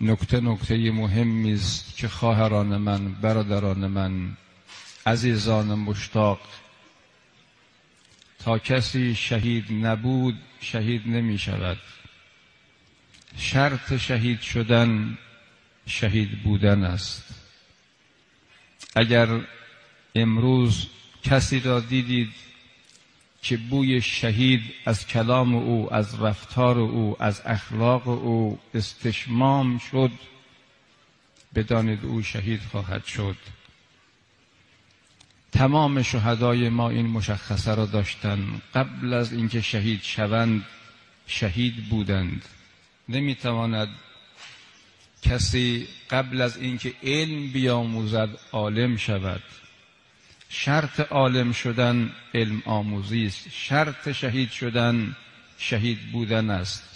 نکته نکته مهمی است که خواهران من برادران من عزیزان مشتاق تا کسی شهید نبود شهید نمی شود شرط شهید شدن شهید بودن است اگر امروز کسی را دیدید که بوی شهید از کلام او از رفتار او از اخلاق او استشمام شد بدانید او شهید خواهد شد تمام شهدای ما این مشخصه را داشتند قبل از اینکه شهید شوند شهید بودند نمیتواند کسی قبل از اینکه علم بیاموزد عالم شود شرط عالم شدن علم آموزی است شرط شهید شدن شهید بودن است